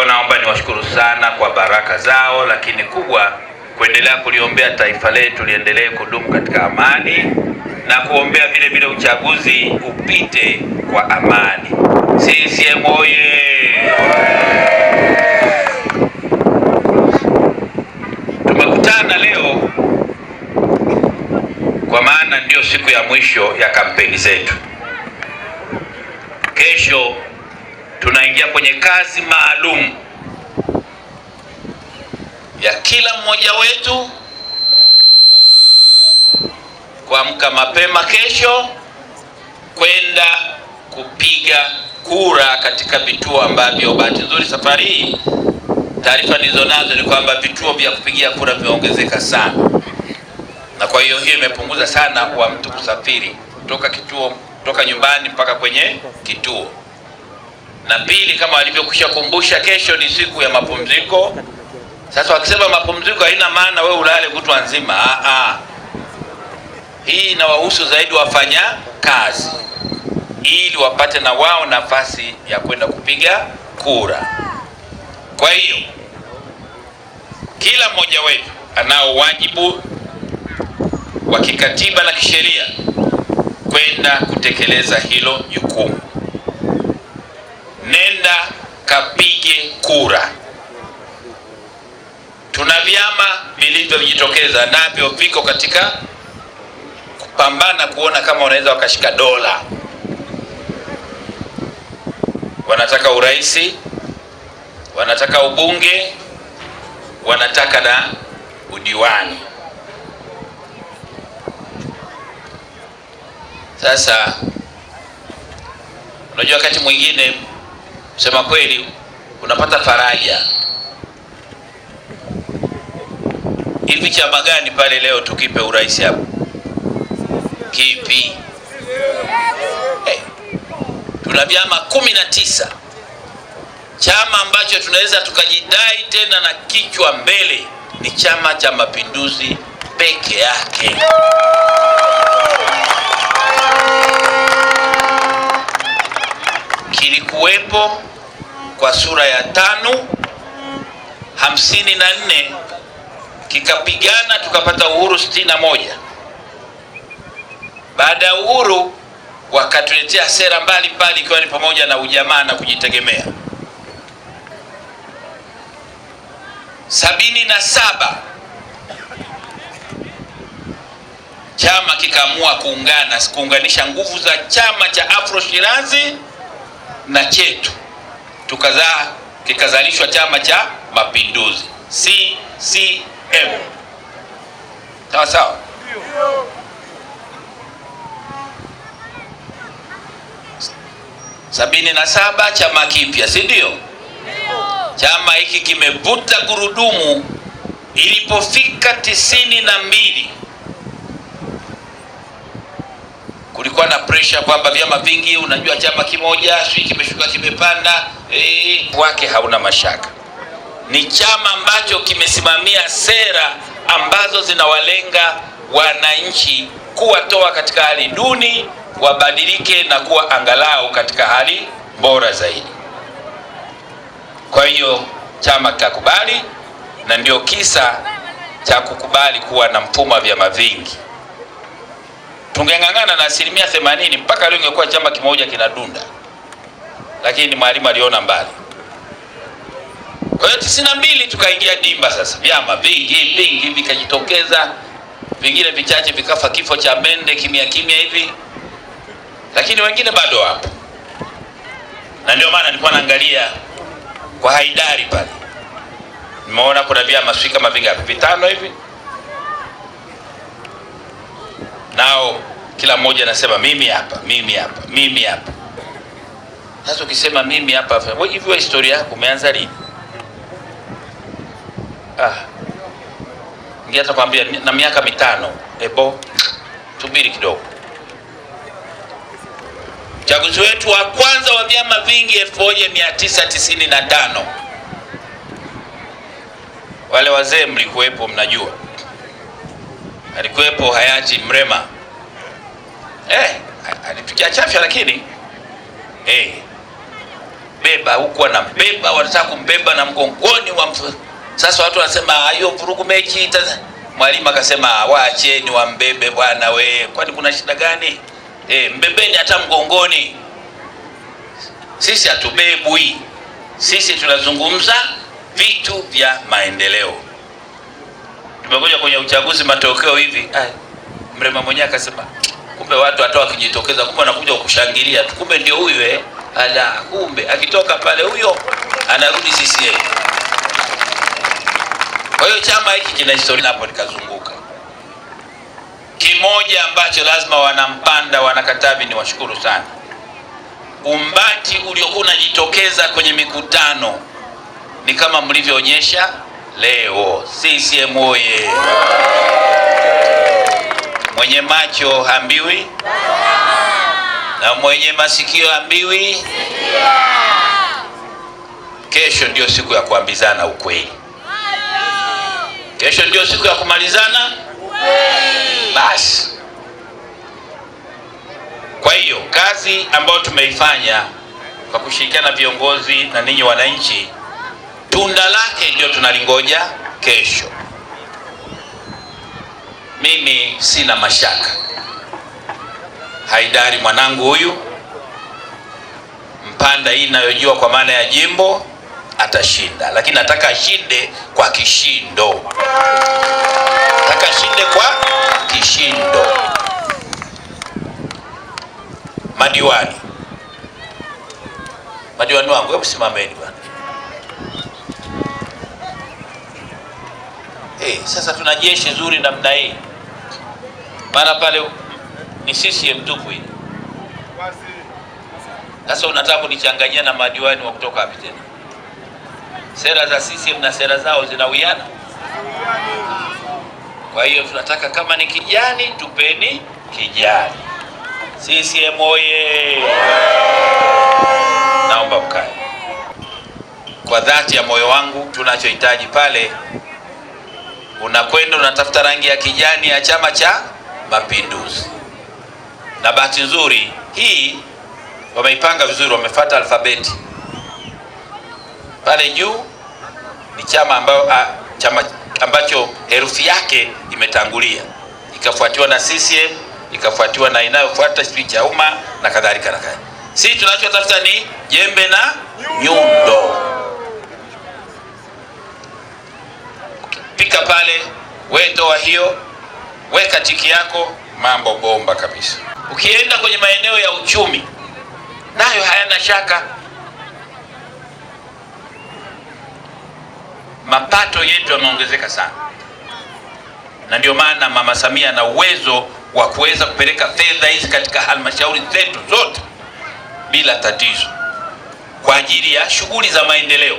Kwa hiyo naomba niwashukuru sana kwa baraka zao, lakini kubwa kuendelea kuliombea taifa letu liendelee kudumu katika amani na kuombea vile vile uchaguzi upite kwa amani. CCM oye! Tumekutana leo kwa maana ndiyo siku ya mwisho ya kampeni zetu. Kesho kuingia kwenye kazi maalum ya kila mmoja wetu kuamka mapema kesho kwenda kupiga kura katika vituo ambavyo bahati nzuri safari hii taarifa nazo ni kwamba vituo vya kupigia kura vimeongezeka sana, na kwa hiyo hiyo imepunguza sana kwa mtu kusafiri kutoka kituo kutoka nyumbani mpaka kwenye kituo na pili, kama walivyokwisha kumbusha, kesho ni siku ya mapumziko. Sasa wakisema mapumziko haina maana we ulale kutwa nzima, ah, ah. Hii inawahusu zaidi wafanya kazi ili wapate na wao nafasi ya kwenda kupiga kura. Kwa hiyo kila mmoja wetu anao wajibu wa kikatiba na kisheria kwenda kutekeleza hilo jukumu. kura. Tuna vyama vilivyojitokeza navyo viko katika kupambana kuona kama wanaweza wakashika dola, wanataka uraisi, wanataka ubunge, wanataka na udiwani. Sasa unajua wakati mwingine kusema kweli unapata faraja. Hivi chama gani pale leo tukipe urais hapo? Kipi? Hey, eh, tuna vyama kumi na tisa chama ambacho tunaweza tukajidai tena na kichwa mbele ni Chama cha Mapinduzi peke yake. Kilikuwepo kwa sura ya tano hamsini na nne kikapigana tukapata uhuru sitini na moja. Baada ya uhuru wakatuletea sera mbalimbali ikiwa ni pamoja na ujamaa na kujitegemea. sabini na saba chama kikaamua kuungana, kuunganisha nguvu za chama cha Afro Shirazi na chetu tukazaa kikazalishwa Chama cha Mapinduzi CCM. Sawa sawa, sabini na saba chama kipya, si ndio? Chama hiki kimevuta gurudumu ilipofika tisini na mbili kulikuwa na pressure kwamba vyama vingi, unajua chama kimoja sijui kimeshuka kimepanda, eh, wake hauna mashaka. Ni chama ambacho kimesimamia sera ambazo zinawalenga wananchi, kuwatoa katika hali duni wabadilike na kuwa angalau katika hali bora zaidi. Kwa hiyo chama kikakubali, na ndio kisa cha kukubali kuwa na mfumo wa vyama vingi tungeng'ang'ana na asilimia themanini mpaka leo ingekuwa chama kimoja kinadunda, lakini mwalimu aliona mbali. Kwa hiyo tisini na mbili tukaingia dimba. Sasa vyama vingi vingi vikajitokeza, vingine vichache vikafa kifo cha mende kimya kimya hivi, lakini wengine bado wapo, na ndio maana nilikuwa naangalia kwa haidari pale, nimeona kuna vyama sii kama vingapi, vitano hivi nao kila mmoja anasema mimi hapa, mimi hapa, mimi hapa. Sasa ukisema mimi hapa wa historia yako umeanza lini? Ah, kwambia na miaka mitano. Ebo, tubiri kidogo. Uchaguzi wetu wa kwanza wa vyama vingi 1995 wale wazee mlikuwepo, mnajua alikuwepo hayati Mrema eh, alitukia chafya lakini eh, beba huku anambeba, wanataka kumbeba na mgongoni wa mfu. Sasa watu wanasema hiyo vurugu mechi. Mwalimu akasema waacheni wambebe bwana we, kwani kuna shida gani? Eh, mbebeni hata mgongoni, sisi hatubebwi, sisi tunazungumza vitu vya maendeleo. Tumekuja kwenye uchaguzi, matokeo hivi, ai, Mrema mwenyewe akasema kumbe watu hata wakijitokeza, kumbe wanakuja kukushangilia tu, kumbe ndio huyu eh, ala, kumbe akitoka pale huyo anarudi CCM. Kwa hiyo chama hiki kina historia. Hapo nikazunguka kimoja ambacho lazima wanampanda wanakatavi ni washukuru sana umbati uliokuwa unajitokeza kwenye mikutano, ni kama mlivyoonyesha leo. CCM oye! Mwenye macho hambiwi na mwenye masikio hambiwi. Kesho ndio siku ya kuambizana ukweli. Kesho ndio siku ya kumalizana basi. Kwa hiyo kazi ambayo tumeifanya kwa kushirikiana na viongozi na ninyi wananchi tunda lake ndio tunalingoja kesho. Mimi sina mashaka, Haidari mwanangu huyu Mpanda hii inayojua kwa maana ya jimbo atashinda, lakini nataka ashinde kwa kishindo, nataka ashinde kwa kishindo. Madiwani, madiwani wangu, hebu simameni bwana. Hey, eh, sasa tuna jeshi zuri namna hii, maana pale ni sisi mtupu hii. Sasa unataka kunichanganyia na madiwani wa kutoka wapi tena? Sera za CCM na sera zao zinawiana? Kwa hiyo tunataka kama ni kijani, tupeni kijani. CCM oye! Naomba mkae kwa dhati ya moyo wangu, tunachohitaji pale unakwenda unatafuta rangi ya kijani ya Chama cha Mapinduzi. Na bahati nzuri hii wameipanga vizuri, wamefuata alfabeti. Pale juu ni chama ambayo, a, ah, chama ambacho herufi yake imetangulia, ikafuatiwa na CCM, ikafuatiwa na inayofuata sijui cha umma na kadhalika na kadhalika. Sisi tunachotafuta ni jembe na nyundo. Fika pale we, toa hiyo, weka tiki yako, mambo bomba kabisa. Ukienda kwenye maeneo ya uchumi, nayo hayana shaka. Mapato yetu yameongezeka sana, na ndio maana Mama Samia ana uwezo wa kuweza kupeleka fedha hizi katika halmashauri zetu zote bila tatizo kwa ajili ya shughuli za maendeleo.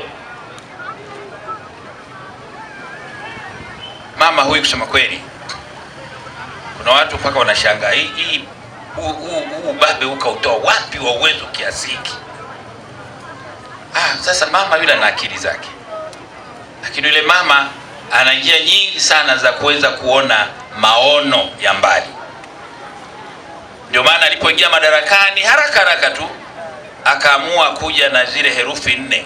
mama huyu, kusema kweli, kuna watu mpaka wanashangaa hii huu ubabe ukautoa wapi wa uwezo kiasi hiki? Ah, sasa mama yule ana akili zake, lakini yule mama ana njia nyingi sana za kuweza kuona maono ya mbali. Ndio maana alipoingia madarakani haraka haraka tu akaamua kuja na zile herufi nne,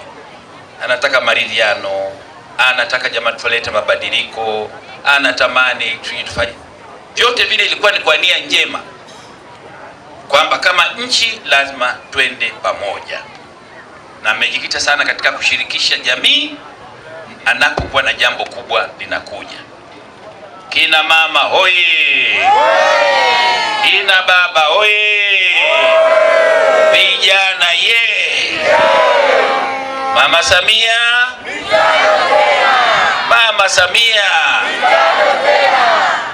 anataka maridhiano, anataka jamani, tulete mabadiliko anatamani tufanye vyote vile, ilikuwa ni kwa nia njema kwamba kama nchi lazima twende pamoja, na amejikita sana katika kushirikisha jamii anapokuwa na jambo kubwa linakuja. Kina mama hoye! Kina baba hoye! Vijana ye! Mama Samia masa mía. ¡Viva Rosera!